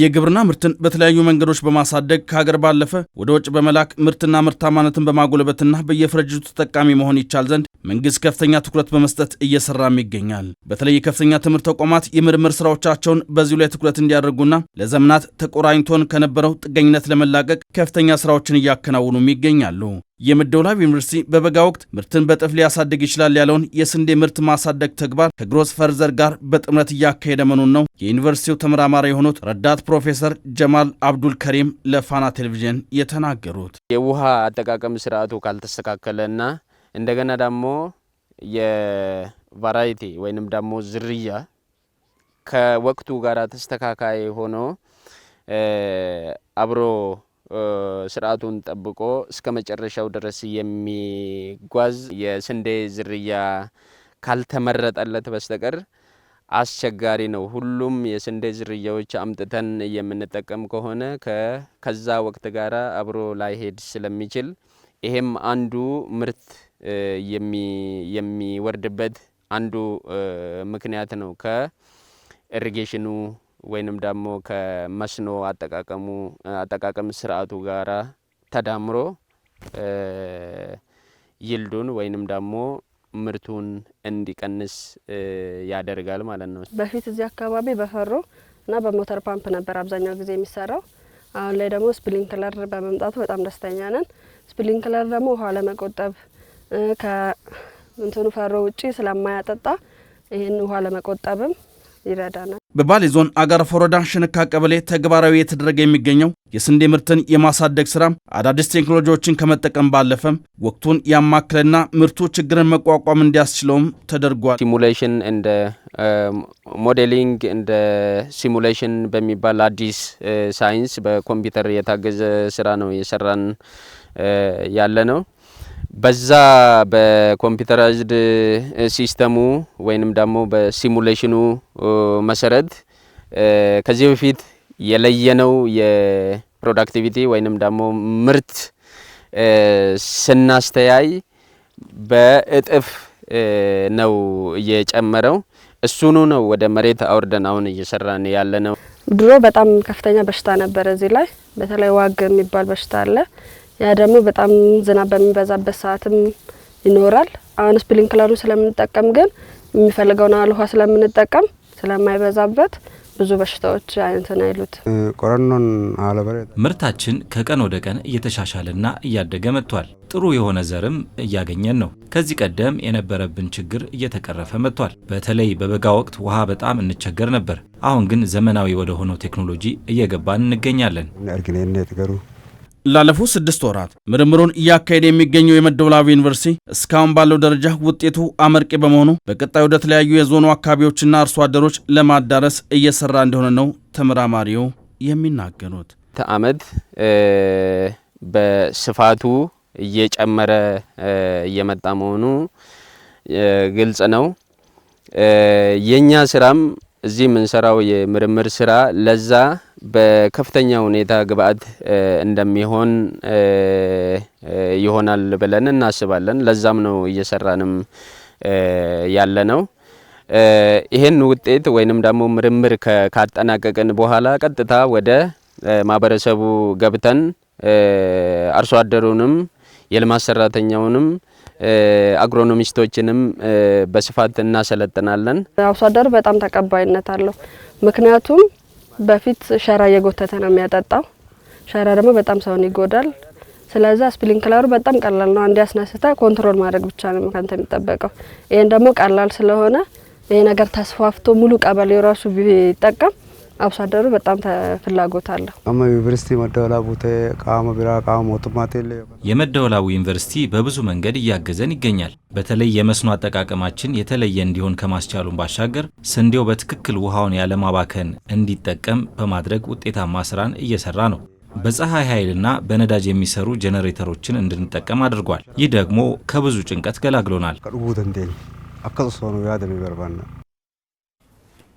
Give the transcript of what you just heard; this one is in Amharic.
የግብርና ምርትን በተለያዩ መንገዶች በማሳደግ ከሀገር ባለፈ ወደ ውጭ በመላክ ምርትና ምርታማነትን በማጎልበትና በየፍረጅቱ ተጠቃሚ መሆን ይቻል ዘንድ መንግስት ከፍተኛ ትኩረት በመስጠት እየሰራም ይገኛል። በተለይ የከፍተኛ ትምህርት ተቋማት የምርምር ስራዎቻቸውን በዚሁ ላይ ትኩረት እንዲያደርጉና ለዘመናት ተቆራኝቶን ከነበረው ጥገኝነት ለመላቀቅ ከፍተኛ ስራዎችን እያከናውኑም ይገኛሉ። የመደወላብ ዩኒቨርሲቲ በበጋ ወቅት ምርትን በጥፍ ሊያሳድግ ይችላል ያለውን የስንዴ ምርት ማሳደግ ተግባር ከግሮስ ፈርዘር ጋር በጥምረት እያካሄደ መኑን ነው የዩኒቨርሲቲው ተመራማሪ የሆኑት ረዳት ፕሮፌሰር ጀማል አብዱል ከሪም ለፋና ቴሌቪዥን የተናገሩት። የውሃ አጠቃቀም ስርዓቱ ካልተስተካከለና እንደገና ደግሞ የቫራይቲ ወይንም ደግሞ ዝርያ ከወቅቱ ጋር ተስተካካይ ሆኖ አብሮ ስርዓቱን ጠብቆ እስከ መጨረሻው ድረስ የሚጓዝ የስንዴ ዝርያ ካልተመረጠለት በስተቀር አስቸጋሪ ነው። ሁሉም የስንዴ ዝርያዎች አምጥተን የምንጠቀም ከሆነ ከዛ ወቅት ጋር አብሮ ላይሄድ ስለሚችል ይሄም አንዱ ምርት የሚወርድበት አንዱ ምክንያት ነው ከኢሪጌሽኑ ወይንም ደግሞ ከመስኖ አጠቃቀሙ አጠቃቀም ስርዓቱ ጋራ ተዳምሮ ይልዱን ወይንም ደግሞ ምርቱን እንዲቀንስ ያደርጋል ማለት ነው። በፊት እዚህ አካባቢ በፈሮ እና በሞተር ፓምፕ ነበር አብዛኛው ጊዜ የሚሰራው። አሁን ላይ ደግሞ ስፕሊንክለር በመምጣቱ በጣም ደስተኛ ነን። ስፕሊንክለር ደግሞ ውሃ ለመቆጠብ ከእንትኑ ፈሮ ውጪ ስለማያጠጣ ይህን ውሃ ለመቆጠብም ይረዳናል። በባሌ ዞን አጋርፋ ወረዳ ሽንካ ቀበሌ ተግባራዊ የተደረገ የሚገኘው የስንዴ ምርትን የማሳደግ ስራ አዳዲስ ቴክኖሎጂዎችን ከመጠቀም ባለፈም ወቅቱን ያማክለና ምርቱ ችግርን መቋቋም እንዲያስችለውም ተደርጓል። ሲሙሌሽን እንደ ሞዴሊንግ እንደ ሲሙሌሽን በሚባል አዲስ ሳይንስ በኮምፒውተር የታገዘ ስራ ነው እየሰራን ያለ ነው። በዛ በኮምፒውተራይዝድ ሲስተሙ ወይንም ደግሞ በሲሙሌሽኑ መሰረት ከዚህ በፊት የለየነው የፕሮዳክቲቪቲ ወይንም ደግሞ ምርት ስናስተያይ በእጥፍ ነው እየጨመረው። እሱኑ ነው ወደ መሬት አውርደን አሁን እየሰራን ያለ ነው። ድሮ በጣም ከፍተኛ በሽታ ነበር። እዚህ ላይ በተለይ ዋግ የሚባል በሽታ አለ። ያ ደግሞ በጣም ዝናብ በሚበዛበት ሰዓትም ይኖራል። አሁን ስፕሪንክለሩን ስለምንጠቀም ግን የሚፈልገውን ያህል ውሃ ስለምንጠቀም ስለማይበዛበት ብዙ በሽታዎች እንትን አይሉት። ምርታችን ከቀን ወደ ቀን እየተሻሻለና እያደገ መጥቷል። ጥሩ የሆነ ዘርም እያገኘን ነው። ከዚህ ቀደም የነበረብን ችግር እየተቀረፈ መጥቷል። በተለይ በበጋ ወቅት ውሃ በጣም እንቸገር ነበር። አሁን ግን ዘመናዊ ወደ ሆነው ቴክኖሎጂ እየገባን እንገኛለን። ላለፉት ስድስት ወራት ምርምሩን እያካሄደ የሚገኘው የመደወላዊ ዩኒቨርሲቲ እስካሁን ባለው ደረጃ ውጤቱ አመርቂ በመሆኑ በቀጣይ ወደ ተለያዩ የዞኑ አካባቢዎችና አርሶ አደሮች ለማዳረስ እየሰራ እንደሆነ ነው ተመራማሪው የሚናገሩት። ተአመድ በስፋቱ እየጨመረ እየመጣ መሆኑ ግልጽ ነው። የእኛ ስራም እዚህ የምንሰራው የምርምር ስራ ለዛ በከፍተኛ ሁኔታ ግብአት እንደሚሆን ይሆናል ብለን እናስባለን። ለዛም ነው እየሰራንም ያለ ነው። ይህን ውጤት ወይንም ደግሞ ምርምር ካጠናቀቅን በኋላ ቀጥታ ወደ ማህበረሰቡ ገብተን አርሶ አደሩንም የልማት ሰራተኛውንም አግሮኖሚስቶችንም በስፋት እናሰለጥናለን። አርሶ አደሩ በጣም ተቀባይነት አለው። ምክንያቱም በፊት ሸራ እየጎተተ ነው የሚያጠጣው። ሸራ ደግሞ በጣም ሰውን ይጎዳል። ስለዛ ስፕሊንክላሩ በጣም ቀላል ነው። አንድ ያስነስተ ኮንትሮል ማድረግ ብቻ ነው ከንተ የሚጠበቀው። ይህን ደግሞ ቀላል ስለሆነ ይሄ ነገር ተስፋፍቶ ሙሉ ቀበሌው ራሱ ቢጠቀም አርሶ አደሩ በጣም ፍላጎት አለው። የመደወላቡ ዩኒቨርሲቲ በብዙ መንገድ እያገዘን ይገኛል። በተለይ የመስኖ አጠቃቀማችን የተለየ እንዲሆን ከማስቻሉን ባሻገር ስንዴው በትክክል ውሃውን ያለማባከን እንዲጠቀም በማድረግ ውጤታማ ስራን እየሰራ ነው። በፀሐይ ኃይልና በነዳጅ የሚሰሩ ጄኔሬተሮችን እንድንጠቀም አድርጓል። ይህ ደግሞ ከብዙ ጭንቀት ገላግሎናል።